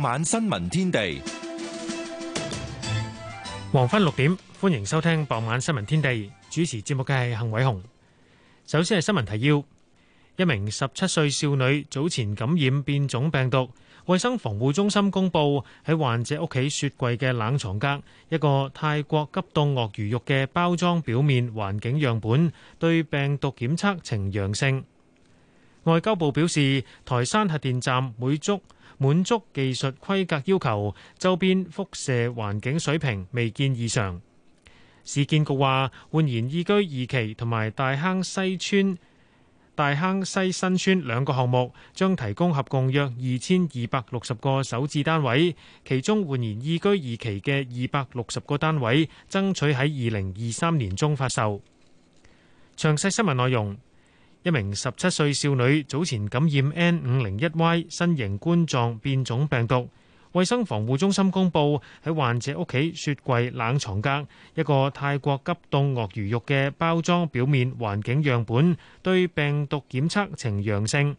晚新聞天地，黃昏六點，歡迎收聽傍晚新聞天地。主持節目嘅係幸偉雄。首先係新聞提要：一名十七歲少女早前感染變種病毒，衛生防護中心公布喺患者屋企雪櫃嘅冷藏格一個泰國急凍鱷魚肉嘅包裝表面環境樣本對病毒檢測呈陽性。外交部表示，台山核電站每足。滿足技術規格要求，周邊輻射環境水平未見異常。市建局話，煥然懿居二期同埋大坑西村、大坑西新村兩個項目將提供合共約二千二百六十個首置單位，其中煥然懿居二期嘅二百六十個單位，爭取喺二零二三年中發售。詳細新聞內容。一名十七歲少女早前感染 N501Y 新型冠狀變種病毒，衛生防護中心公布喺患者屋企雪櫃冷藏格一個泰國急凍鱷魚肉嘅包裝表面環境樣本對病毒檢測呈陽性。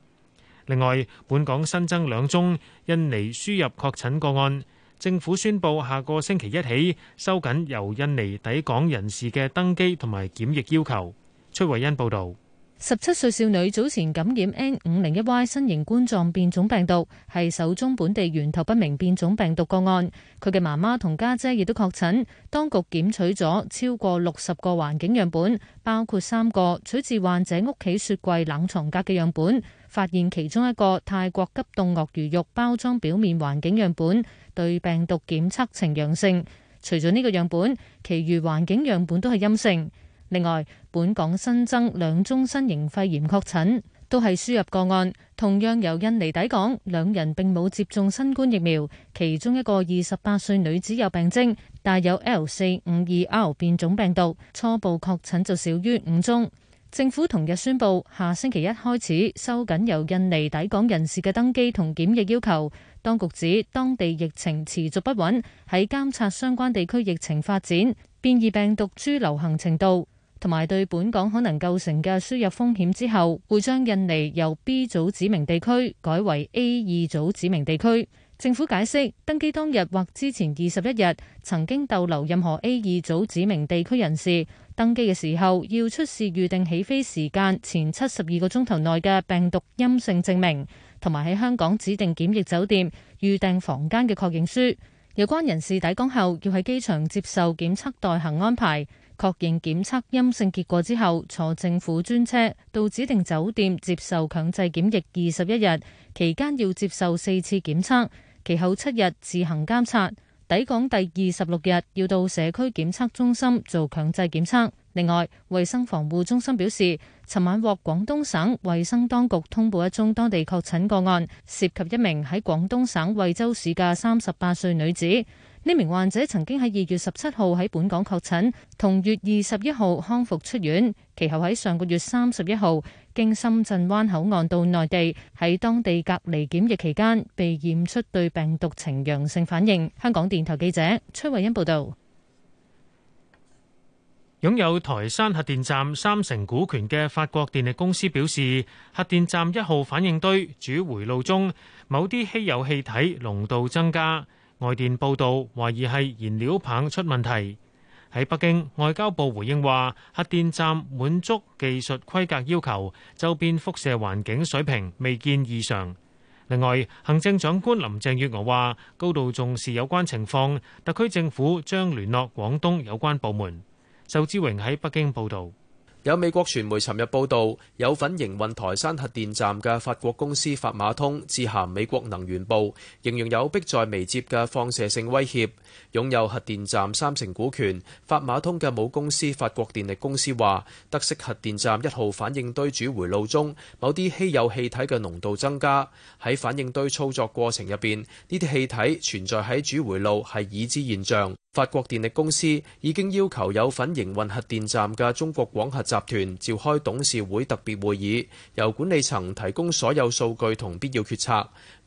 另外，本港新增兩宗印尼輸入確診個案，政府宣布下個星期一起收緊由印尼抵港人士嘅登機同埋檢疫要求。崔慧恩報導。十七歲少女早前感染 N. 五零一 Y 新型冠狀變種病毒，係首宗本地源頭不明變種病毒個案。佢嘅媽媽同家姐亦都確診。當局檢取咗超過六十個環境樣本，包括三個取自患者屋企雪櫃冷藏格嘅樣本，發現其中一個泰國急凍鱷魚肉包裝表面環境樣本對病毒檢測呈陽性。除咗呢個樣本，其餘環境樣本都係陰性。另外，本港新增兩宗新型肺炎確診都係輸入個案，同樣由印尼抵港。兩人並冇接種新冠疫苗，其中一個二十八歲女子有病徵帶有 L 四五二 R 變種病毒，初步確診就少於五宗。政府同日宣布，下星期一開始收緊由印尼抵港人士嘅登機同檢疫要求。當局指當地疫情持續不穩，喺監察相關地區疫情發展、變異病毒株流行程度，同埋對本港可能構成嘅輸入風險之後，會將印尼由 B 組指明地區改為 A 二組指明地區。政府解釋，登機當日或之前二十一日曾經逗留任何 A 二組指明地區人士，登機嘅時候要出示預定起飛時間前七十二個鐘頭內嘅病毒陰性證明，同埋喺香港指定檢疫酒店預定房間嘅確認書。有關人士抵港後要喺機場接受檢測待行安排。確認檢測陰性結果之後，坐政府專車到指定酒店接受強制檢疫二十一日，期間要接受四次檢測，其後七日自行監察。抵港第二十六日要到社區檢測中心做強制檢測。另外，衛生防護中心表示，尋晚獲廣東省衛生當局通報一宗當地確診個案，涉及一名喺廣東省惠州市嘅三十八歲女子。呢名患者曾經喺二月十七號喺本港確診，同月二十一號康復出院，其後喺上個月三十一號經深圳灣口岸到內地，喺當地隔離檢疫期間被驗出對病毒呈陽性反應。香港電台記者崔慧欣報道。擁有台山核電站三成股權嘅法國電力公司表示，核電站一號反應堆主回路中某啲稀有氣體濃度增加。外電報道懷疑係燃料棒出問題，喺北京，外交部回應話核電站滿足技術規格要求，周邊輻射環境水平未見異常。另外，行政長官林鄭月娥話高度重視有關情況，特區政府將聯絡廣東有關部門，仇志榮喺北京報道。有美國傳媒尋日報道，有份營運台山核電站嘅法國公司法馬通致函美國能源部，形容有迫在眉睫嘅放射性威脅。擁有核電站三成股權，法馬通嘅母公司法國電力公司話，德式核電站一號反應堆主回路中某啲稀有氣體嘅濃度增加，喺反應堆操作過程入邊，呢啲氣體存在喺主回路係已知現象。法國電力公司已經要求有份營運核電站嘅中國廣核集團召開董事會特別會議，由管理層提供所有數據同必要決策。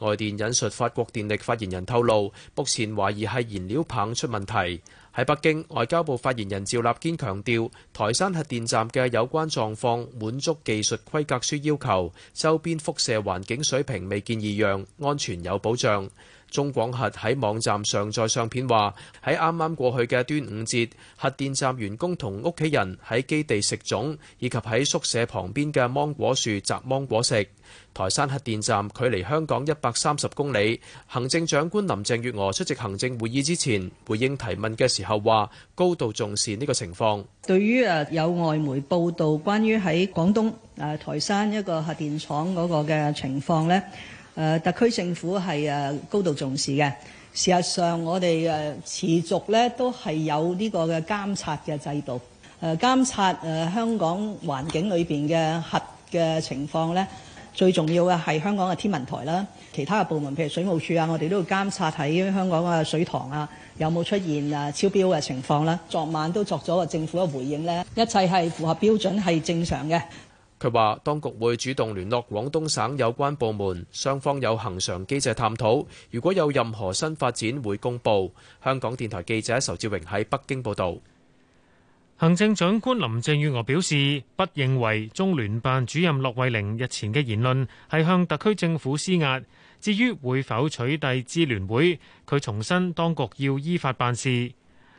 外電引述法國電力發言人透露，目前懷疑係燃料棒出問題。喺北京，外交部發言人趙立堅強調，台山核電站嘅有關狀況滿足技術規格書要求，周邊輻射環境水平未見異樣，安全有保障。中廣核喺網站上載相片，話喺啱啱過去嘅端午節，核電站員工同屋企人喺基地食粽，以及喺宿舍旁邊嘅芒果樹摘芒果食。台山核電站距離香港一百三十公里。行政長官林鄭月娥出席行政會議之前，回應提問嘅時候話，高度重視呢個情況。對於誒有外媒報道關於喺廣東誒台山一個核電廠嗰個嘅情況呢。誒、呃、特區政府係誒高度重視嘅。事實上，我哋誒持續咧都係有呢個嘅監察嘅制度。誒、呃、監察誒、呃、香港環境裏邊嘅核嘅情況咧，最重要嘅係香港嘅天文台啦。其他嘅部門，譬如水務署啊，我哋都要監察喺香港嘅水塘啊，有冇出現啊超標嘅情況啦。昨晚都作咗個政府嘅回應咧，一切係符合標準，係正常嘅。佢話：當局會主動聯絡廣東省有關部門，雙方有恒常機制探討。如果有任何新發展，會公佈。香港電台記者仇志榮喺北京報導。行政長官林鄭月娥表示，不認為中聯辦主任駱惠寧日前嘅言論係向特區政府施壓。至於會否取締支聯會，佢重申當局要依法辦事。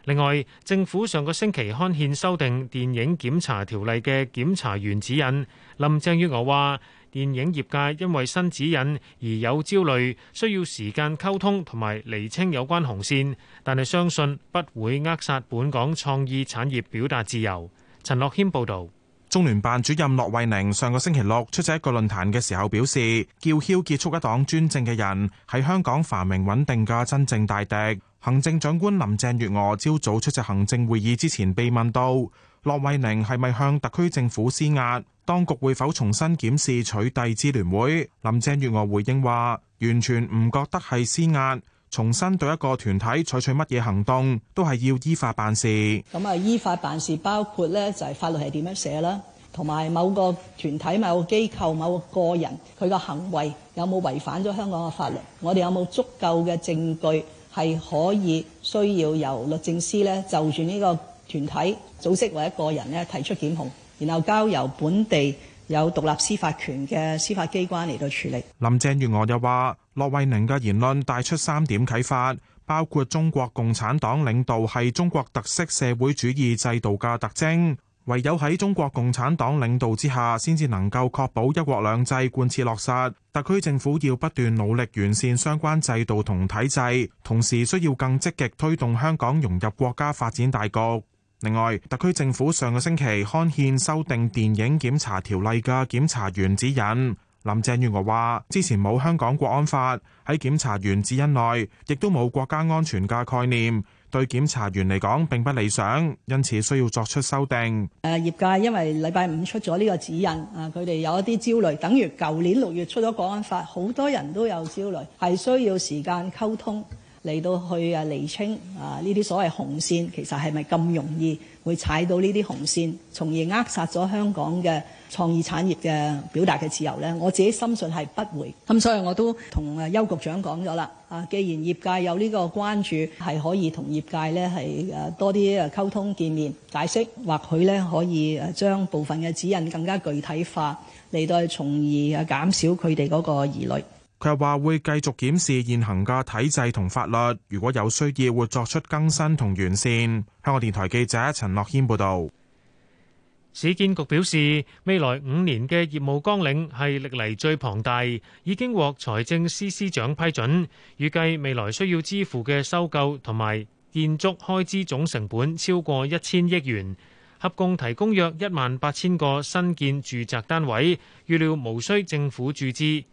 另外，政府上個星期刊憲修訂電影檢查條例嘅檢查員指引。林鄭月娥話：電影業界因為新指引而有焦慮，需要時間溝通同埋釐清有關紅線，但係相信不會扼殺本港創意產業表達自由。陳樂謙報導。中聯辦主任駱惠寧上個星期六出席一個論壇嘅時候表示：叫囂結束一黨專政嘅人係香港繁榮穩定嘅真正大敵。行政長官林鄭月娥朝早出席行政會議之前，被問到駱惠寧係咪向特區政府施壓，當局會否重新檢視取締支聯會？林鄭月娥回應話：完全唔覺得係施壓，重新對一個團體採取乜嘢行動都係要依法辦事。咁啊，依法辦事包括咧就係法律係點樣寫啦，同埋某個團體、某個機構、某個人佢個行為有冇違反咗香港嘅法律？我哋有冇足夠嘅證據？係可以需要由律政司咧就住呢個團體組織或者個人咧提出檢控，然後交由本地有獨立司法權嘅司法機關嚟到處理。林鄭月娥又話，駱惠寧嘅言論帶出三點啟發，包括中國共產黨領導係中國特色社會主義制度嘅特徵。唯有喺中國共產黨領導之下，先至能夠確保一國兩制貫徹落實。特區政府要不斷努力完善相關制度同體制，同時需要更積極推動香港融入國家發展大局。另外，特區政府上個星期刊憲修訂電影檢查條例嘅檢查員指引，林鄭月娥話：之前冇香港國安法，喺檢查員指引內亦都冇國家安全嘅概念。對檢察員嚟講並不理想，因此需要作出修訂。誒，業界因為禮拜五出咗呢個指引啊，佢哋有一啲焦慮，等於舊年六月出咗《國安法》，好多人都有焦慮，係需要時間溝通嚟到去厘啊釐清啊呢啲所謂紅線，其實係咪咁容易會踩到呢啲紅線，從而扼殺咗香港嘅創意產業嘅表達嘅自由呢，我自己深信係不會。咁所以我都同啊邱局長講咗啦，啊既然業界有呢個關注，係可以同業界呢係誒多啲誒溝通、見面、解釋，或許呢，可以誒將部分嘅指引更加具體化，嚟到係從而減少佢哋嗰個疑慮。佢又話會繼續檢視現行嘅體制同法律，如果有需要會作出更新同完善。香港電台記者陳樂軒報導。市建局表示，未來五年嘅業務綱領係歷嚟最龐大，已經獲財政司司長批准，預計未來需要支付嘅收購同埋建築開支總成本超過一千億元，合共提供約一萬八千個新建住宅單位，預料無需政府注資。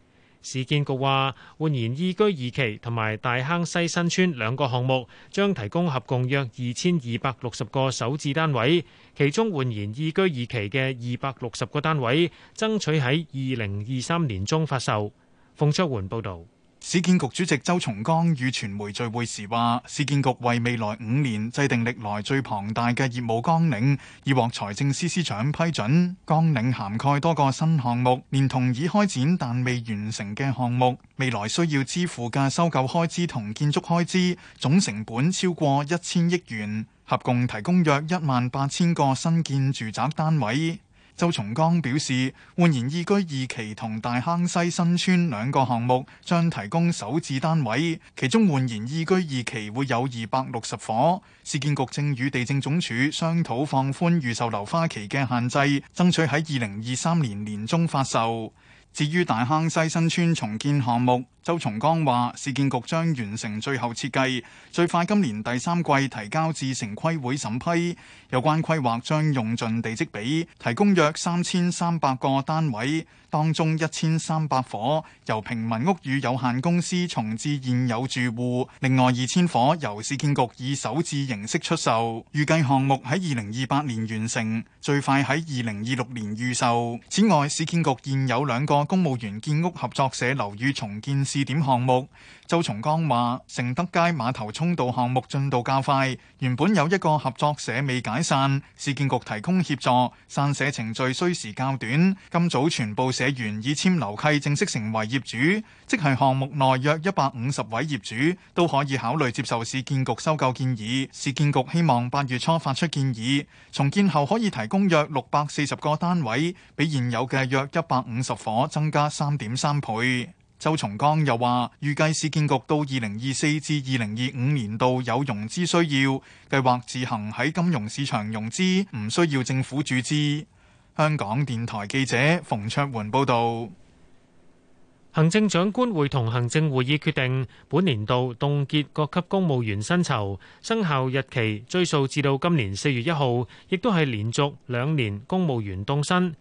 市建局話，煥然懿居二期同埋大坑西新村兩個項目將提供合共約二千二百六十個首置單位，其中煥然懿居二期嘅二百六十個單位，爭取喺二零二三年中發售。馮卓桓報道。市建局主席周松崗與傳媒聚會時話，市建局為未來五年制定歷來最龐大嘅業務綱領，已獲財政司司長批准。綱領涵蓋多個新項目，連同已開展但未完成嘅項目，未來需要支付嘅收購開支同建築開支總成本超過一千億元，合共提供約一萬八千個新建住宅單位。周松江表示，煥然易居二期同大坑西新村兩個項目將提供首置單位，其中煥然易居二期會有二百六十伙。市建局正與地政總署商討放寬預售樓花期嘅限制，爭取喺二零二三年年中發售。至於大坑西新村重建項目，周松江話：市建局將完成最後設計，最快今年第三季提交至城規會審批。有關規劃將用盡地積比，提供約三千三百個單位，當中一千三百伙由平民屋宇有限公司重置現有住戶，另外二千伙由市建局以首置形式出售。預計項目喺二零二八年完成，最快喺二零二六年預售。此外，市建局現有兩個公務員建屋合作社樓宇重建。試點項目，周松崗話：盛德街馬頭涌道項目進度較快，原本有一個合作社未解散，市建局提供協助，散社程序需時較短。今早全部社員已簽樓契，正式成為業主。即係項目內約一百五十位業主都可以考慮接受市建局收購建議。市建局希望八月初發出建議，重建後可以提供約六百四十個單位，比現有嘅約一百五十伙增加三點三倍。周松江又話：預計市建局到二零二四至二零二五年度有融資需要，計劃自行喺金融市場融資，唔需要政府注資。香港電台記者馮卓桓報導。行政長官會同行政會議決定，本年度凍結各級公務員薪酬生效日期，追溯至到今年四月一號，亦都係連續兩年公務員凍薪。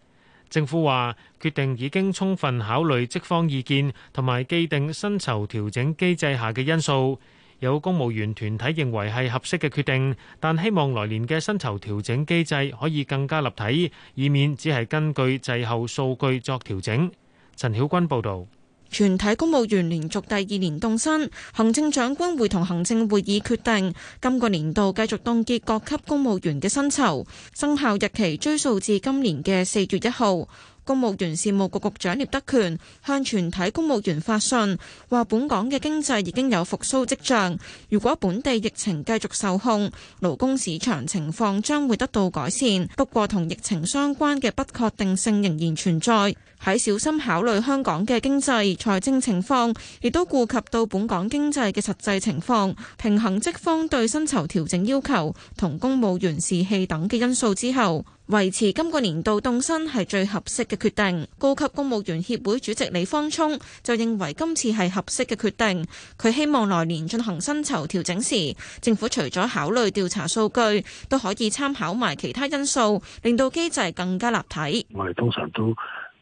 政府話決定已經充分考慮職方意見，同埋既定薪酬調整機制下嘅因素。有公務員團體認為係合適嘅決定，但希望來年嘅薪酬調整機制可以更加立體，以免只係根據滯後數據作調整。陳曉君報導。全體公務員連續第二年凍薪，行政長官會同行政會議決定，今、這個年度繼續凍結各級公務員嘅薪酬，生效日期追溯至今年嘅四月一號。公務員事務局局長聶德權向全體公務員發信，話本港嘅經濟已經有復甦跡象，如果本地疫情繼續受控，勞工市場情況將會得到改善。不過，同疫情相關嘅不確定性仍然存在。喺小心考慮香港嘅經濟、財政情況，亦都顧及到本港經濟嘅實際情況，平衡職方對薪酬調整要求同公務員士氣等嘅因素之後，維持今個年度凍薪係最合適嘅決定。高級公務員協會主席李方聰就認為今次係合適嘅決定。佢希望來年進行薪酬調整時，政府除咗考慮調查數據，都可以參考埋其他因素，令到機制更加立體。我哋通常都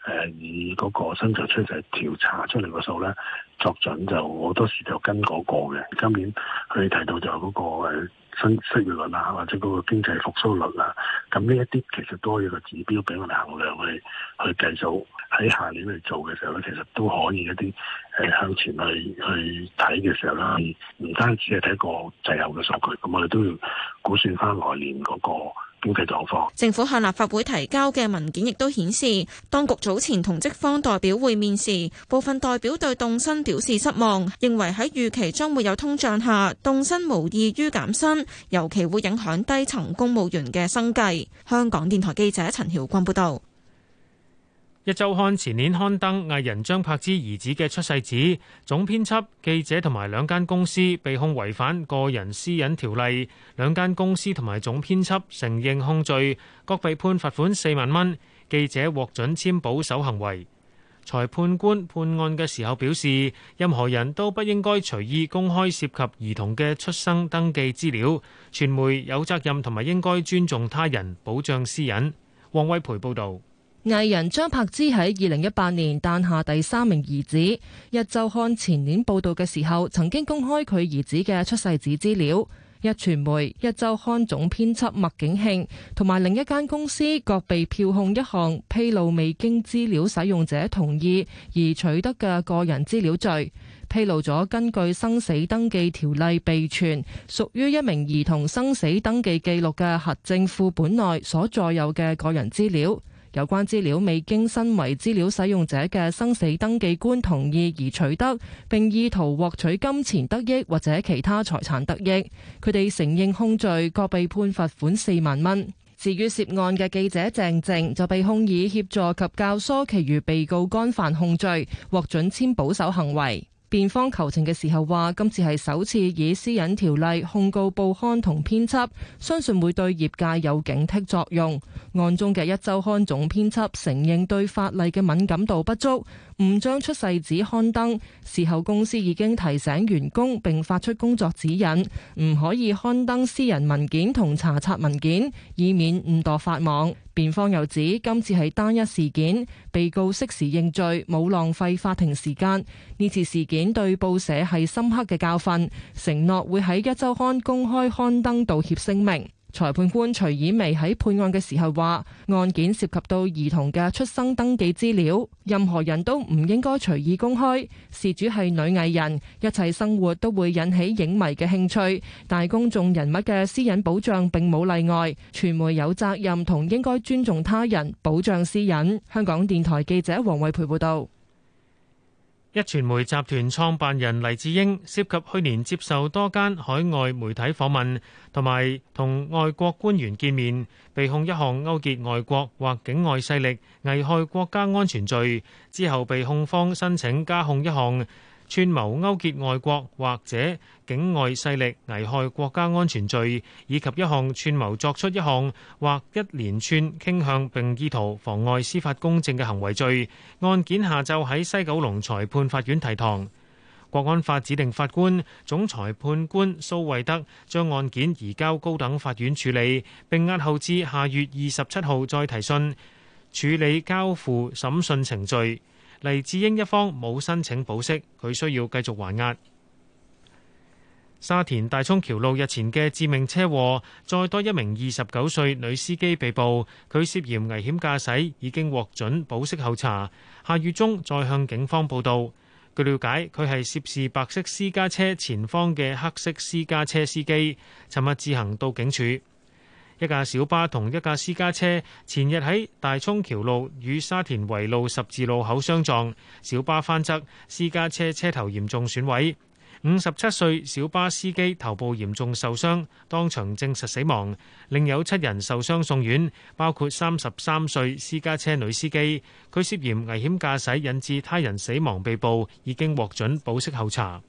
誒以嗰個薪酬趨勢調查出嚟個數咧作準就，就好多時就跟嗰個嘅。今年佢提到就係嗰個失失業率啦、啊，或者嗰個經濟復甦率啦、啊，咁呢一啲其實都係一個指標，俾我哋衡量去去繼續喺下年去做嘅時候咧，其實都可以一啲誒、呃、向前去去睇嘅時候啦，唔單止係睇個滯後嘅數據，咁我哋都要估算翻來年嗰、那個。經濟狀況。政府向立法會提交嘅文件亦都顯示，當局早前同職方代表會面時，部分代表對凍薪表示失望，認為喺預期將會有通脹下，凍薪無異於減薪，尤其會影響低層公務員嘅生計。香港電台記者陳曉君報道。《一周刊》前年刊登藝人張柏芝兒子嘅出世紙，總編輯記者，同埋兩間公司被控違反個人私隱條例，兩間公司同埋總編輯承認控罪，各被判罰款四萬蚊，記者獲准簽保守行為。裁判官判案嘅時候表示，任何人都不應該隨意公開涉及兒童嘅出生登記資料，傳媒有責任同埋應該尊重他人，保障私隱。黃威培報道。藝人張柏芝喺二零一八年誕下第三名兒子。《壹週刊》前年報道嘅時候，曾經公開佢兒子嘅出世紙資料。壹傳媒《壹週刊》總編輯麥景慶同埋另一間公司各被票控一項披露未經資料使用者同意而取得嘅個人資料罪，披露咗根據生死登記條例備存，屬於一名兒童生死登記記錄嘅核證副本內所載有嘅個人資料。有關資料未經身為資料使用者嘅生死登記官同意而取得，並意圖獲取金錢得益或者其他財產得益。佢哋承認控罪，各被判罰款四萬蚊。至於涉案嘅記者鄭靜，就被控以協助及教唆其餘被告干犯控罪，獲准簽保守行為。辯方求情嘅時候話，今次係首次以私隱條例控告報刊同編輯，相信會對業界有警惕作用。案中嘅《一周刊》總編輯承認對法例嘅敏感度不足，唔將出世紙刊登。事後公司已經提醒員工，並發出工作指引，唔可以刊登私人文件同查冊文件，以免誤墮法網。辯方又指今次係單一事件。被告適時認罪，冇浪費法庭時間。呢次事件對報社係深刻嘅教訓，承諾會喺一周刊公開刊登道歉聲明。裁判官徐以薇喺判案嘅時候話，案件涉及到兒童嘅出生登記資料，任何人都唔應該隨意公開。事主係女藝人，一切生活都會引起影迷嘅興趣，但公眾人物嘅私隱保障並冇例外。傳媒有責任同應該尊重他人，保障私隱。香港電台記者黃慧培報道。一傳媒集團創辦人黎智英涉及去年接受多間海外媒體訪問，同埋同外國官員見面，被控一項勾結外國或境外勢力危害國家安全罪。之後被控方申請加控一項。串謀勾結外國或者境外勢力危害國家安全罪，以及一項串謀作出一項或一連串傾向並意圖妨礙司法公正嘅行為罪，案件下晝喺西九龍裁判法院提堂。國安法指定法官總裁判官蘇惠德將案件移交高等法院處理，並押後至下月二十七號再提訊處理交付審訊程序。黎智英一方冇申請保釋，佢需要繼續還押。沙田大涌橋路日前嘅致命車禍，再多一名二十九歲女司機被捕，佢涉嫌危險駕駛，已經獲准保釋候查。下月中再向警方報道。據了解，佢係涉事白色私家車前方嘅黑色私家車司機，尋日自行到警署。一架小巴同一架私家車前日喺大涌橋路與沙田圍路十字路口相撞，小巴翻側，私家車車頭嚴重損毀。五十七歲小巴司機頭部嚴重受傷，當場證實死亡，另有七人受傷送院，包括三十三歲私家車女司機。佢涉嫌危險駕駛引致他人死亡被捕，已經獲准保釋候查。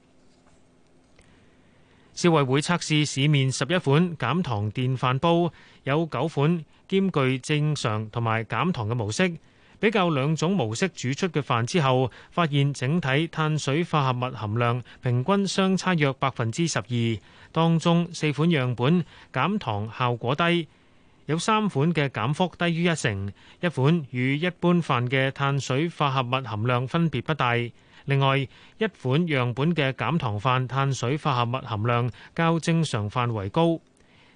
消委會測試市面十一款減糖電飯煲，有九款兼具正常同埋減糖嘅模式。比較兩種模式煮出嘅飯之後，發現整體碳水化合物含量平均相差約百分之十二。當中四款樣本減糖效果低，有三款嘅減幅低於一成，一款與一般飯嘅碳水化合物含量分別不大。另外，一款樣本嘅減糖飯碳水化合物含量較正常範圍高。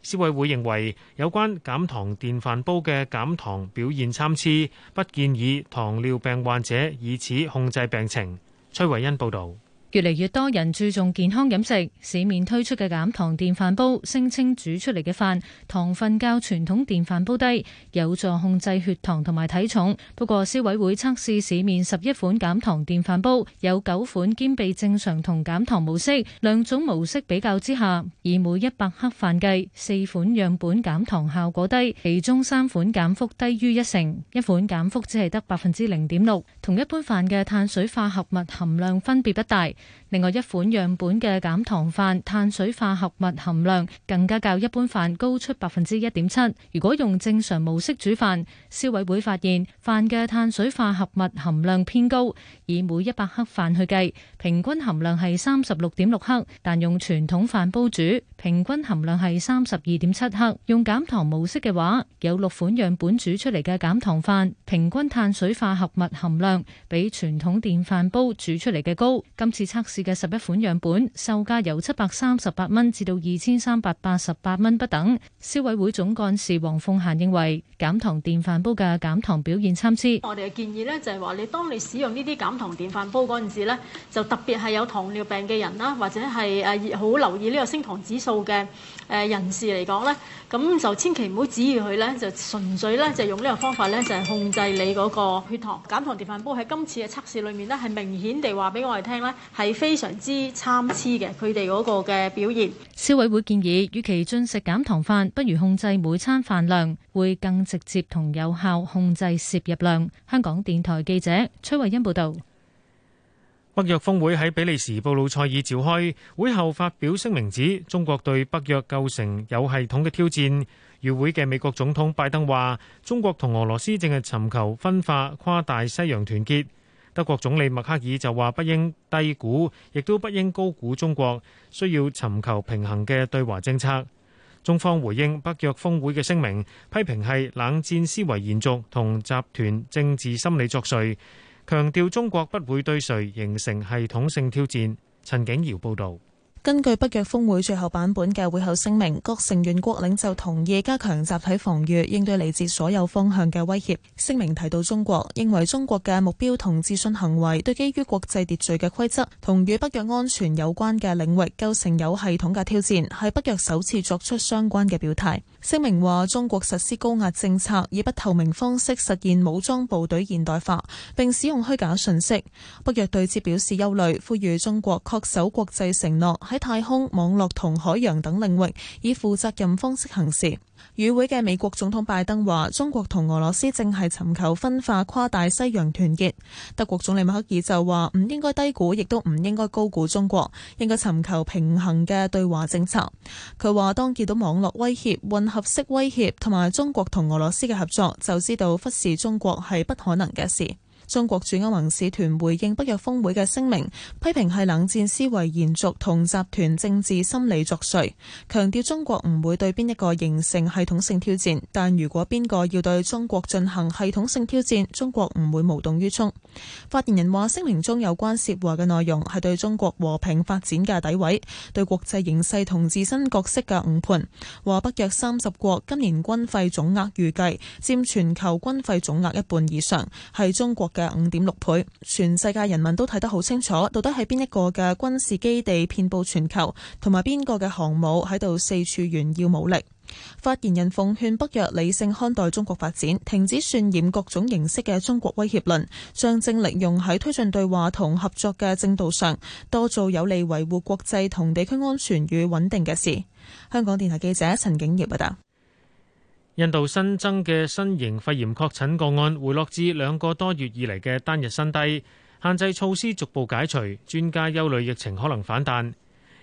消委會認為有關減糖電飯煲嘅減糖表現參差，不建議糖尿病患者以此控制病情。崔維恩報導。越嚟越多人注重健康飲食，市面推出嘅減糖電飯煲，聲稱煮出嚟嘅飯糖分較傳統電飯煲低，有助控制血糖同埋體重。不過，消委會測試市面十一款減糖電飯煲，有九款兼備正常同減糖模式。兩種模式比較之下，以每一百克飯計，四款樣本減糖效果低，其中三款減幅低於一成，一款減幅只係得百分之零點六，同一般飯嘅碳水化合物含量分別不大。另外一款樣本嘅減糖飯碳水化合物含量更加較一般飯高出百分之一點七。如果用正常模式煮飯，消委會發現飯嘅碳水化合物含量偏高，以每一百克飯去計，平均含量係三十六點六克。但用傳統飯煲煮，平均含量係三十二點七克。用減糖模式嘅話，有六款樣本煮出嚟嘅減糖飯，平均碳水化合物含量比傳統電飯煲煮出嚟嘅高。今次。測試嘅十一款樣本售價由七百三十八蚊至到二千三百八十八蚊不等。消委會總幹事黃鳳嫻認為，減糖電飯煲嘅減糖表現參差。我哋嘅建議呢，就係話，你當你使用呢啲減糖電飯煲嗰陣時咧，就特別係有糖尿病嘅人啦，或者係誒好留意呢個升糖指數嘅。誒人士嚟講呢，咁就千祈唔好指意佢呢，就純粹呢，就用呢個方法呢，就係控制你嗰個血糖。減糖電飯煲喺今次嘅測試裏面呢，係明顯地話俾我哋聽呢，係非常之參差嘅佢哋嗰個嘅表現。消委會建議，與其進食減糖飯，不如控制每餐飯量，會更直接同有效控制攝入量。香港電台記者崔慧欣報道。北約峰會喺比利時布魯塞爾召開，會後發表聲明指，中國對北約構成有系統嘅挑戰。與會嘅美國總統拜登話，中國同俄羅斯正係尋求分化跨大西洋團結。德國總理默克爾就話，不應低估，亦都不應高估中國，需要尋求平衡嘅對華政策。中方回應北約峰會嘅聲明，批評係冷戰思維延續同集團政治心理作祟。強調中國不會對誰形成系統性挑戰。陳景瑤報導。根據北約峯會最後版本嘅會後聲明，各成員國領袖同意加強集體防禦，應對嚟自所有方向嘅威脅。聲明提到中國認為中國嘅目標同自信行為對基於國際秩序嘅規則同與北約安全有關嘅領域構成有系統嘅挑戰，係北約首次作出相關嘅表態。聲明話中國實施高壓政策，以不透明方式實現武裝部隊現代化，並使用虛假信息。北約對此表示憂慮，呼籲中國恪守國際承諾。喺太空、網絡同海洋等領域以負責任方式行事。與會嘅美國總統拜登話中國同俄羅斯正係尋求分化跨大西洋團結，德國總理默克爾就話唔應該低估，亦都唔應該高估中國應該尋求平衡嘅對華政策。佢話當見到網絡威脅、混合式威脅同埋中國同俄羅斯嘅合作，就知道忽視中國係不可能嘅事。中國駐歐盟使團回應北約峰會嘅聲明，批評係冷戰思維延續同集團政治心理作祟，強調中國唔會對邊一個形成系統性挑戰，但如果邊個要對中國進行系統性挑戰，中國唔會無動於衷。發言人話，聲明中有關涉華嘅內容係對中國和平發展嘅詆毀、對國際形勢同自身角色嘅誤判。話北約三十國今年軍費總額預計佔全球軍費總額一半以上，係中國嘅五點六倍，全世界人民都睇得好清楚，到底係邊一個嘅軍事基地遍布全球，同埋邊個嘅航母喺度四處炫耀武力。發言人奉勸北約理性看待中國發展，停止渲染各種形式嘅中國威脅論，將正利用喺推進對話同合作嘅正道上，多做有利維護國際同地區安全與穩定嘅事。香港電台記者陳景葉報道。印度新增嘅新型肺炎確診個案回落至兩個多月以嚟嘅單日新低，限制措施逐步解除，專家憂慮疫情可能反彈。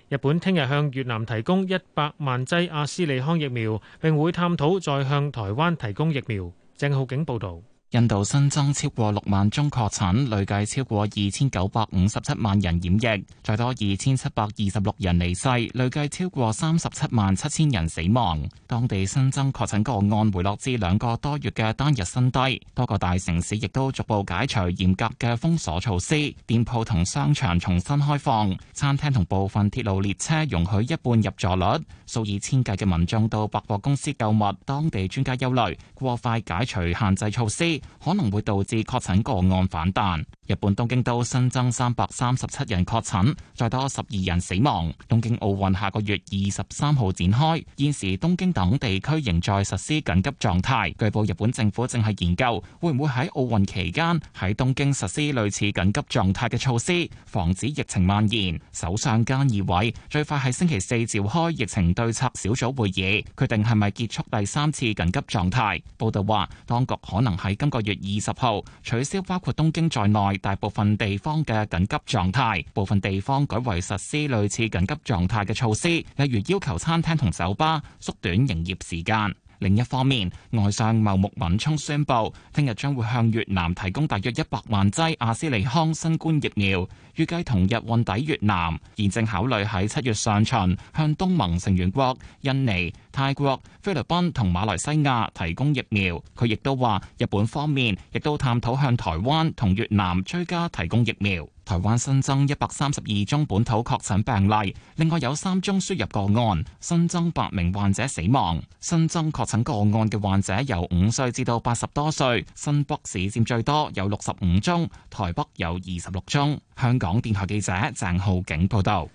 日本聽日向越南提供一百萬劑阿斯利康疫苗，並會探討再向台灣提供疫苗。鄭浩景報道。印度新增超過六萬宗確診，累計超過二千九百五十七萬人染疫，再多二千七百二十六人離世，累計超過三十七萬七千人死亡。當地新增確診個案回落至兩個多月嘅單日新低，多個大城市亦都逐步解除嚴格嘅封鎖措施，店鋪同商場重新開放，餐廳同部分鐵路列車容許一半入座率。數以千計嘅民眾到百貨公司購物，當地專家憂慮，過快解除限制措施，可能會導致確診個案反彈。日本東京都新增三百三十七人確診，再多十二人死亡。東京奧運下個月二十三號展開，現時東京等地區仍在實施緊急狀態。據報日本政府正係研究會唔會喺奧運期間喺東京實施類似緊急狀態嘅措施，防止疫情蔓延。首相菅義偉最快喺星期四召開疫情對策小組會議，決定係咪結束第三次緊急狀態。報道話當局可能喺今個月二十號取消包括東京在內大部分地方嘅緊急狀態，部分地方改為實施類似緊急狀態嘅措施，例如要求餐廳同酒吧縮短營業時間。另一方面，外相茂木敏充宣布，聽日將會向越南提供大約一百萬劑阿斯利康新冠疫苗，預計同日運抵越南。現正考慮喺七月上旬向東盟成員國印尼、泰國、菲律賓同馬來西亞提供疫苗。佢亦都話，日本方面亦都探討向台灣同越南追加提供疫苗。台灣新增一百三十二宗本土確診病例，另外有三宗輸入個案，新增八名患者死亡。新增確診個案嘅患者由五歲至到八十多歲，新北市佔最多，有六十五宗，台北有二十六宗。香港電台記者鄭浩景報道。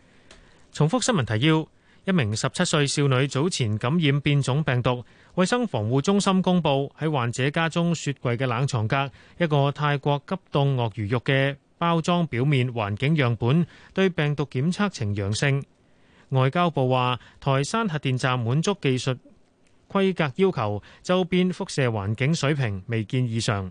重複新聞提要：一名十七歲少女早前感染變種病毒，衛生防護中心公布喺患者家中雪櫃嘅冷藏格一個泰國急凍鱷魚肉嘅包裝表面環境樣本對病毒檢測呈陽性。外交部話，台山核電站滿足技術規格要求，周邊輻射環境水平未見異常。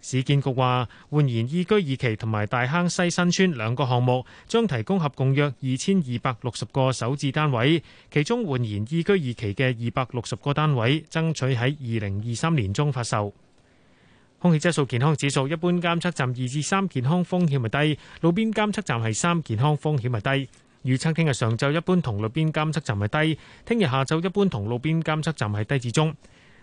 市建局話，煥然懿居二期同埋大坑西新村兩個項目將提供合共約二千二百六十個首置單位，其中煥然懿居二期嘅二百六十個單位爭取喺二零二三年中發售。空氣質素健康指數一般監測站二至三，健康風險係低，路邊監測站係三，健康風險係低。預測聽日上晝一般同路邊監測站係低，聽日下晝一般同路邊監測站係低至中。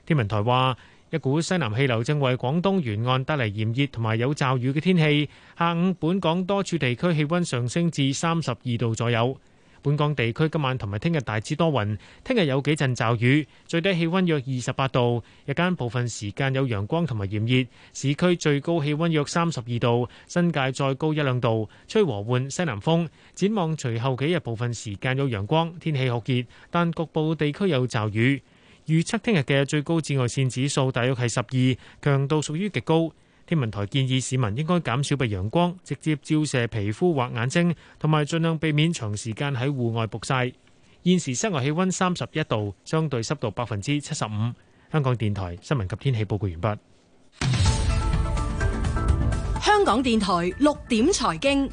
天文台話，一股西南氣流正為廣東沿岸帶嚟炎熱同埋有驟雨嘅天氣，下午本港多處地區氣溫上升至三十二度左右。本港地區今晚同埋聽日大致多雲，聽日有幾陣驟雨，最低氣溫約二十八度，日間部分時間有陽光同埋炎熱，市區最高氣溫約三十二度，新界再高一兩度，吹和緩西南風。展望隨後幾日部分時間有陽光，天氣酷熱，但局部地區有驟雨。預測聽日嘅最高紫外線指數大約係十二，強度屬於極高。天文台建議市民應該減少被陽光直接照射皮膚或眼睛，同埋盡量避免長時間喺戶外曝曬。現時室外氣温三十一度，相對濕度百分之七十五。香港電台新聞及天氣報告完畢。香港電台六點財經。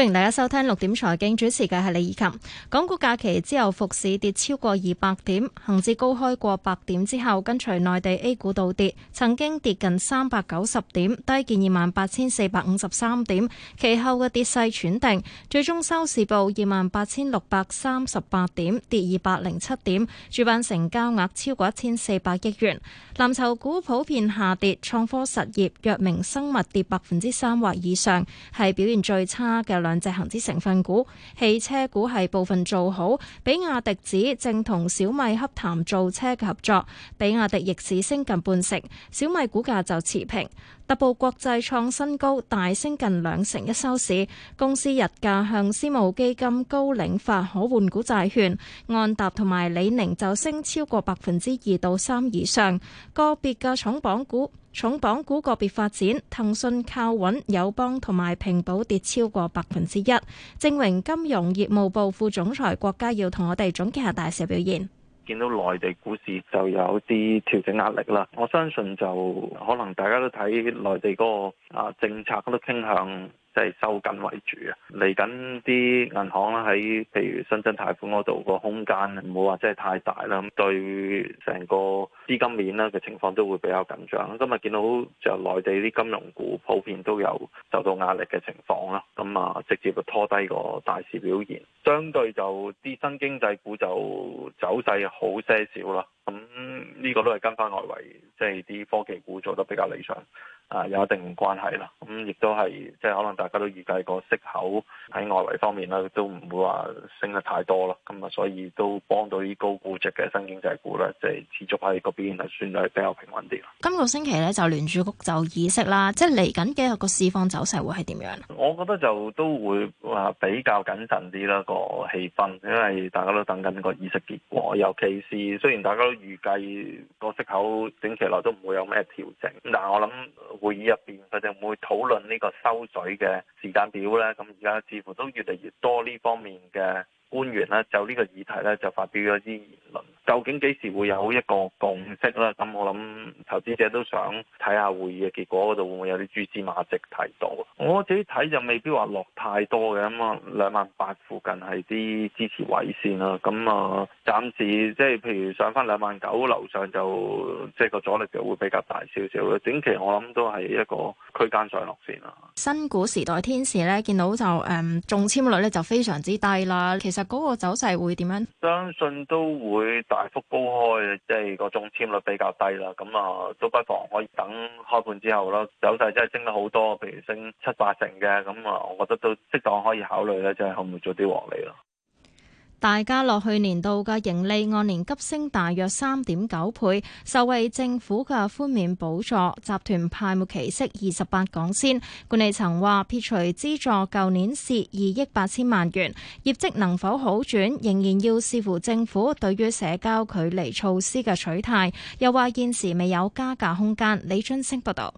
歡迎大家收聽六點財經，主持嘅係李以琴。港股假期之後復市跌超過二百點，恒指高開過百點之後跟隨內地 A 股倒跌，曾經跌近三百九十點，低見二萬八千四百五十三點，其後嘅跌勢喘定，最終收市報二萬八千六百三十八點，跌二百零七點。主板成交額超過一千四百億元。藍籌股普遍下跌，創科實業、藥明生物跌百分之三或以上，係表現最差嘅兩。兩隻行之成分股，汽車股係部分做好，比亞迪指正同小米洽談造車嘅合作，比亞迪逆市升近半成，小米股價就持平。特步國際創新高，大升近兩成，一收市，公司日價向私募基金高瓴發可換股債券，安踏同埋李寧就升超過百分之二到三以上，個別嘅重磅股。重磅股個別發展，騰訊靠穩，友邦同埋平保跌超過百分之一。正榮金融業務部副總裁郭家耀同我哋總結下大市表現。見到內地股市就有啲調整壓力啦，我相信就可能大家都睇內地嗰個啊政策都傾向.係收緊為主啊，嚟緊啲銀行啦，喺譬如新增貸款嗰度個空間唔好話真係太大啦，對成個資金面啦嘅情況都會比較緊張。今日見到就內地啲金融股普遍都有受到壓力嘅情況啦，咁啊直接就拖低個大市表現。相對就啲新經濟股就走勢好些少啦，咁呢個都係跟翻外圍，即係啲科技股做得比較理想。啊，有一定關係啦。咁、嗯、亦都係，即係可能大家都預計個息口喺外圍方面咧，都唔會話升得太多啦。咁、嗯、啊，所以都幫到啲高估值嘅新經濟股咧，即係持續喺嗰邊係算係比較平穩啲。今個星期咧，就聯儲局就議息啦，即係嚟緊嘅個市況走勢會係點樣？我覺得就都會話比較謹慎啲啦，個氣氛，因為大家都等緊個議息結果。尤其是雖然大家都預計個息口短期內都唔會有咩調整，但係我諗。會議入邊，佢哋會討論呢個收水嘅時間表咧。咁而家似乎都越嚟越多呢方面嘅。官員咧就呢個議題咧就發表咗啲言論，究竟幾時會有一個共識咧？咁我諗投資者都想睇下會議嘅結果嗰度會唔會有啲蛛絲馬跡睇到。我自己睇就未必話落太多嘅咁啊，兩萬八附近係啲支持位線啦。咁啊，暫時即係譬如上翻兩萬九樓上就即係個阻力就會比較大少少啦。整期我諗都係一個區間上落線啦。新股時代天使咧見到就誒、嗯、中籤率咧就非常之低啦。其實嗰個走勢會點樣？相信都會大幅高開，即係個中簽率比較低啦。咁啊，都不妨可以等開盤之後咯，走勢真係升咗好多，譬如升七八成嘅。咁啊，我覺得都適當可以考慮咧，即係可唔可以做啲獲利咯？大家樂去年度嘅盈利按年急升大約三點九倍，受惠政府嘅寬免補助，集團派末期息二十八港仙。管理層話撇除資助，舊年蝕二億八千萬元，業績能否好轉仍然要視乎政府對於社交距離措施嘅取態。又話現時未有加價空間。李津升報道。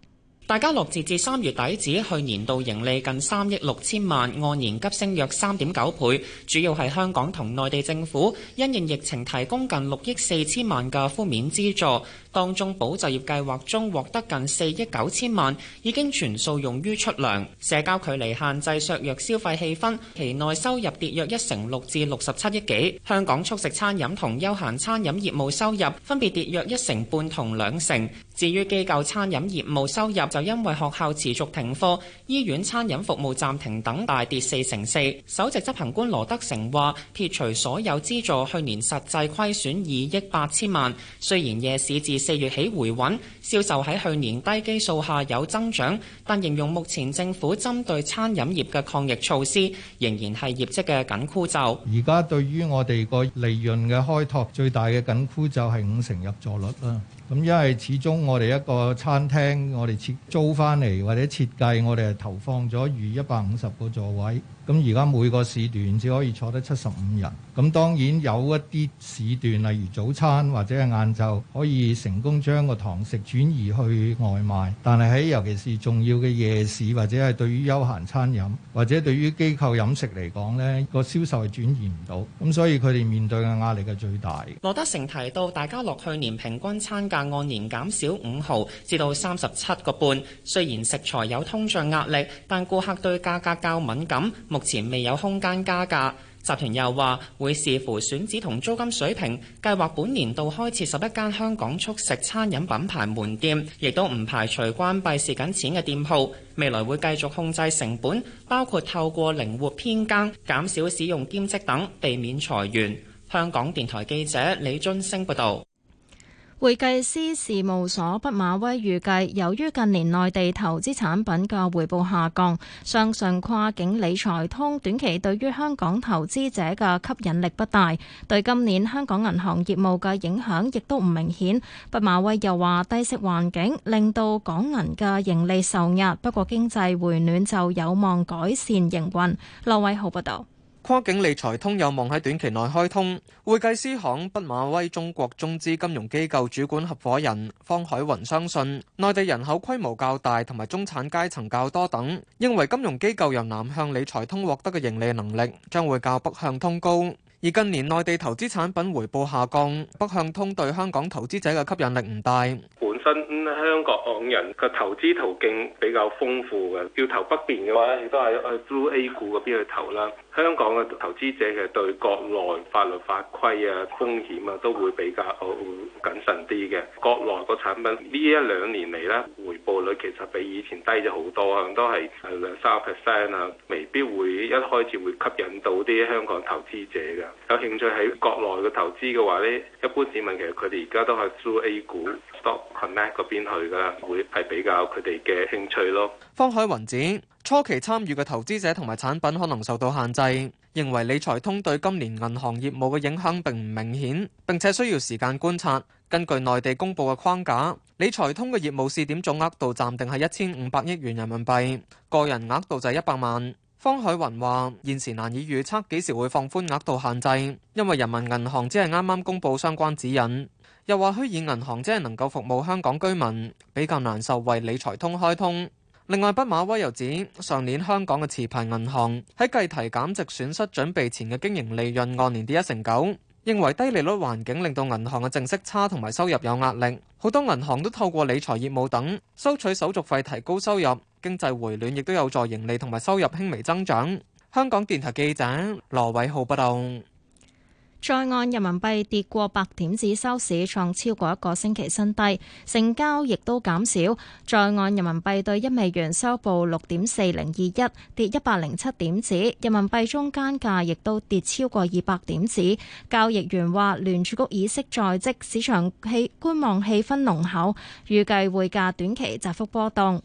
大家樂截至三月底止，去年度盈利近三億六千萬，按年急升約三點九倍，主要係香港同內地政府因應疫情提供近六億四千萬嘅敷面資助，當中保就業計劃中獲得近四億九千萬，已經全數用於出糧。社交距離限制削弱消費氣氛，期內收入跌約一成六至六十七億幾。香港速食餐飲同休閒餐飲業務收入分別跌約一成半同兩成。至於機構餐飲業務收入，就因為學校持續停課、醫院餐飲服務暫停等，大跌四成四。首席執行官羅德成話：撇除所有資助，去年實際虧損二億八千萬。雖然夜市自四月起回穩，銷售喺去年低基數下有增長，但形容目前政府針對餐飲業嘅抗疫措施，仍然係業績嘅緊箍咒。而家對於我哋個利潤嘅開拓，最大嘅緊箍咒就係五成入座率啦。咁因為始終我哋一個餐廳，我哋設租翻嚟或者設計，我哋係投放咗逾一百五十個座位。咁而家每個時段只可以坐得七十五人，咁當然有一啲時段，例如早餐或者係晏晝，可以成功將個堂食轉移去外賣。但係喺尤其是重要嘅夜市或者係對於休閒餐飲或者對於機構飲食嚟講，呢個銷售係轉移唔到，咁所以佢哋面對嘅壓力係最大。羅德成提到，大家樂去年平均餐價按年減少五毫，至到三十七個半。雖然食材有通脹壓力，但顧客對價格較敏感。目前未有空間加價，集團又話會視乎選址同租金水平，計劃本年度開設十一間香港速食餐飲品牌門店，亦都唔排除關閉蝕緊錢嘅店鋪。未來會繼續控制成本，包括透過靈活編更、減少使用兼職等，避免裁員，香港電台記者李津星報道。會計師事務所畢馬威預計，由於近年內地投資產品嘅回報下降，相信跨境理財通短期對於香港投資者嘅吸引力不大，對今年香港銀行業務嘅影響亦都唔明顯。畢馬威又話，低息環境令到港銀嘅盈利受壓，不過經濟回暖就有望改善營運。劉偉豪報道。跨境理財通有望喺短期內開通。會計師行畢馬威中國中資金融機構主管合夥人方海雲相信，內地人口規模較大同埋中產階層較多等，認為金融機構由南向理財通獲得嘅盈利能力將會較北向通高。而近年內地投資產品回報下降，北向通對香港投資者嘅吸引力唔大。新香港人個投資途徑比較豐富嘅，要投北邊嘅話，亦都係去做 A 股嗰邊去投啦。香港嘅投資者其實對國內法律法規啊、風險啊，都會比較好謹慎啲嘅。國內個產品呢一兩年嚟呢，回報率其實比以前低咗好多，都係兩三 percent 啊，未必會一開始會吸引到啲香港投資者嘅。有興趣喺國內嘅投資嘅話呢，一般市民其實佢哋而家都係做 A 股。多群 net 嗰邊去嘅會係比較佢哋嘅興趣咯。方海雲指初期參與嘅投資者同埋產品可能受到限制，認為理財通對今年銀行業務嘅影響並唔明顯，並且需要時間觀察。根據內地公布嘅框架，理財通嘅業務試點總額度暫定係一千五百億元人民幣，個人額度就係一百萬。方海雲話：現時難以預測幾時會放寬額度限制，因為人民銀行只係啱啱公布相關指引。又話虛擬銀行只係能夠服務香港居民，比較難受為理財通開通。另外，畢馬威又指上年香港嘅持牌銀行喺計提減值損失準備前嘅經營利潤按年跌一成九，認為低利率環境令到銀行嘅淨息差同埋收入有壓力。好多銀行都透過理財業務等收取手續費提高收入。經濟回暖亦都有助盈利同埋收入輕微增長。香港電台記者羅偉浩報道。在岸人民幣跌過百點子收市，創超過一個星期新低，成交亦都減少。在岸人民幣對一美元收報六點四零二一，跌一百零七點子，人民幣中間價亦都跌超過二百點子。交易員話，聯儲局議息在即，市場氣觀望氣氛濃厚，預計匯價短期窄幅波動。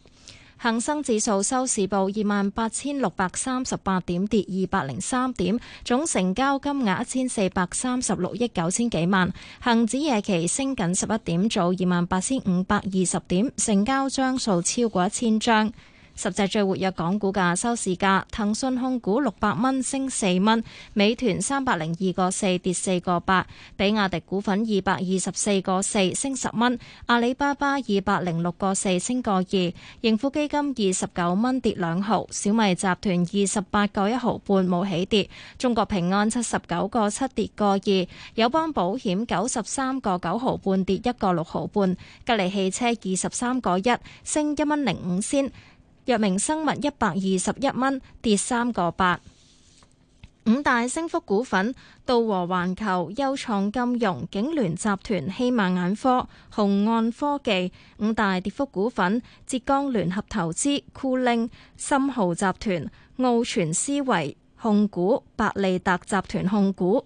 恒生指數收市報二萬八千六百三十八點，跌二百零三點，總成交金額一千四百三十六億九千幾萬。恒指夜期升緊十一點，造二萬八千五百二十點，成交張數超過一千張。十隻最活躍港股價，收市價：騰訊控股六百蚊升四蚊，美團三百零二個四跌四個八，比亞迪股份二百二十四個四升十蚊，阿里巴巴二百零六個四升個二，盈富基金二十九蚊跌兩毫，小米集團二十八個一毫半冇起跌，中國平安七十九個七跌個二，友邦保險九十三個九毫半跌一個六毫半，吉利汽車二十三個一升一蚊零五仙。藥明生物一百二十一蚊跌三個八，五大升幅股份：道和環球、優創金融、景聯集團、希瑪眼科、雄岸科技；五大跌幅股份：浙江聯合投資、酷靈、深浩集團、奧全思維控股、百利達集團控股。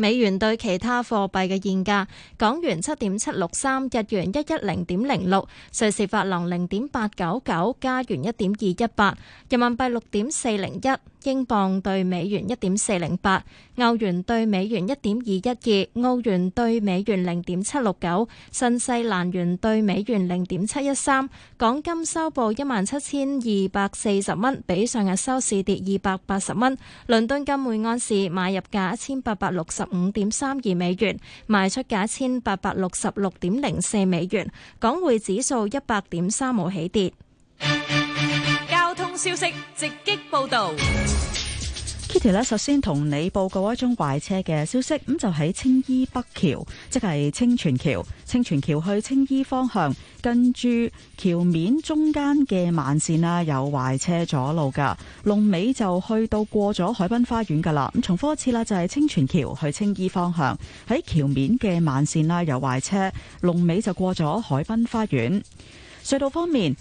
美元兌其他貨幣嘅現價，港元七點七六三，日元一一零點零六，瑞士法郎零點八九九，加元一點二一八，人民幣六點四零一。英鎊兌美元一點四零八，歐元兌美元一點二一二，澳元兌美元零點七六九，新西蘭元兌美元零點七一三。港金收報一萬七千二百四十蚊，比上日收市跌二百八十蚊。倫敦金每安士買入價一千八百六十五點三二美元，賣出價一千八百六十六點零四美元。港匯指數一百點三冇起跌。交通消息直擊報道。Kitty 咧，首先同你報告一宗壞車嘅消息，咁就喺青衣北橋，即係青荃橋，青荃橋去青衣方向，跟住橋面中間嘅慢線啦，有壞車阻路噶，龍尾就去到過咗海濱花園噶啦。咁重複一次啦，就係青荃橋去青衣方向，喺橋面嘅慢線啦，有壞車，龍尾就過咗海濱花園。隧道方面。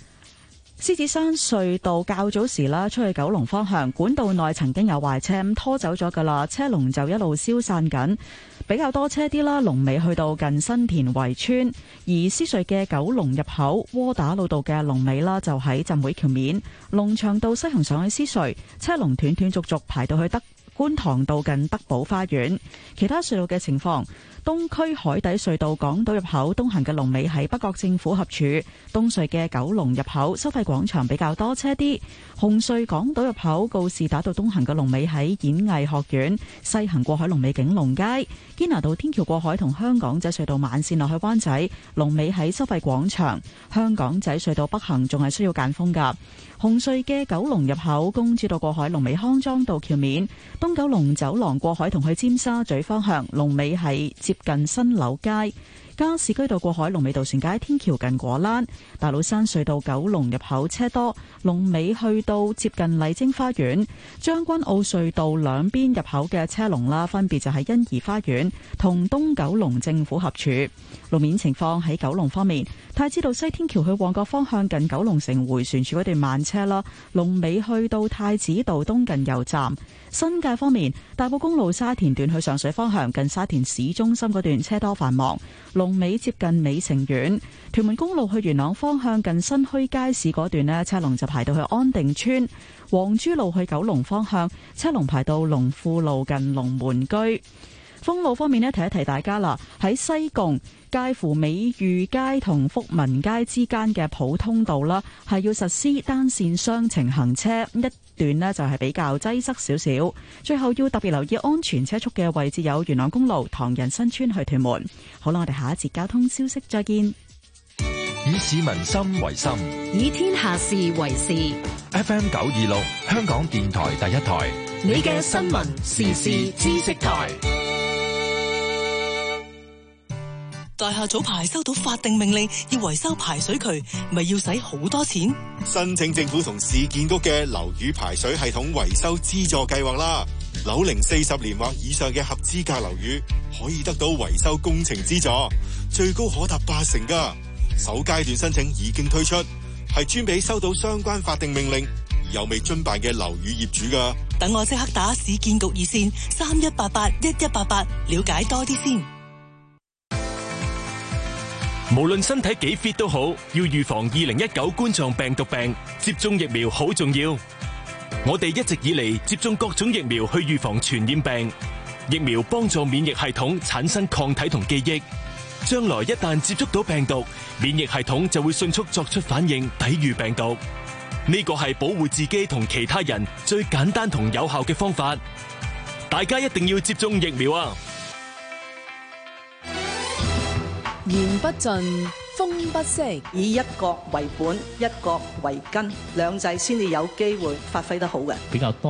獅子山隧道較早時啦，出去九龍方向，管道內曾經有壞車拖走咗噶啦，車龍就一路消散緊，比較多車啲啦，龍尾去到近新田圍村，而獅隧嘅九龍入口窩打老道嘅龍尾啦，就喺浸會橋面，龍翔道西行上去獅隧，車龍斷斷續續排到去德。觀塘道近德寶花園，其他隧道嘅情況：東區海底隧道港島入口東行嘅龍尾喺北角政府合署；東隧嘅九龍入口收費廣場比較多車啲；紅隧港島入口告士打道東行嘅龍尾喺演藝學院；西行過海龍尾景隆街；堅拿道天橋過海同香港仔隧道慢線落去灣仔龍尾喺收費廣場；香港仔隧道北行仲係需要揀風噶。紅隧嘅九龍入口，公主道過海，龍尾康莊道橋面；東九龍走廊過海同去尖沙咀方向，龍尾係接近新柳街。加士居道過海，龍尾道船街天橋近果欄；大老山隧道九龍入口車多，龍尾去到接近麗晶花園；將軍澳隧道兩邊入口嘅車龍啦，分別就係欣怡花園同東九龍政府合署。路面情況喺九龍方面，太子道西天橋去旺角方向近九龍城回旋處嗰段慢車啦，龍尾去到太子道東近油站。新界方面，大埔公路沙田段去上水方向，近沙田市中心嗰段車多繁忙；龍尾接近美城苑，屯門公路去元朗方向，近新墟街市嗰段咧，車龍就排到去安定村；黃珠路去九龍方向，車龍排到龍富路近龍門居。封路方面咧，提一提大家啦，喺西貢介乎美裕街同福民街之間嘅普通道啦，係要實施單線雙程行車一段呢就係比較擠塞少少，最後要特別留意安全車速嘅位置有元朗公路、唐人新村去屯門。好啦，我哋下一節交通消息再見。以市民心為心，以天下事為事。FM 九二六，香港電台第一台，你嘅新聞時事知識台。大廈早排收到法定命令要維修排水渠，咪要使好多錢？申請政府同市建局嘅樓宇排水系統維修資助計劃啦！樓齡四十年或以上嘅合資格樓宇可以得到維修工程資助，最高可達八成噶。首階段申請已經推出，係專俾收到相關法定命令而又未遵辦嘅樓宇業主噶。等我即刻打市建局熱線三一八八一一八八了解多啲先。無論身體幾 fit 都好，要預防二零一九冠狀病毒病，接種疫苗好重要。我哋一直以嚟，接種各種疫苗去預防傳染病，疫苗幫助免疫系統產生抗體同記憶，將來一旦接觸到病毒，免疫系統就會迅速作出反應，抵禦病毒。呢個係保護自己同其他人最簡單同有效嘅方法，大家一定要接種疫苗啊！言不盡，風不息。以一國為本，一國為根，兩制先至有機會發揮得好嘅。比較多。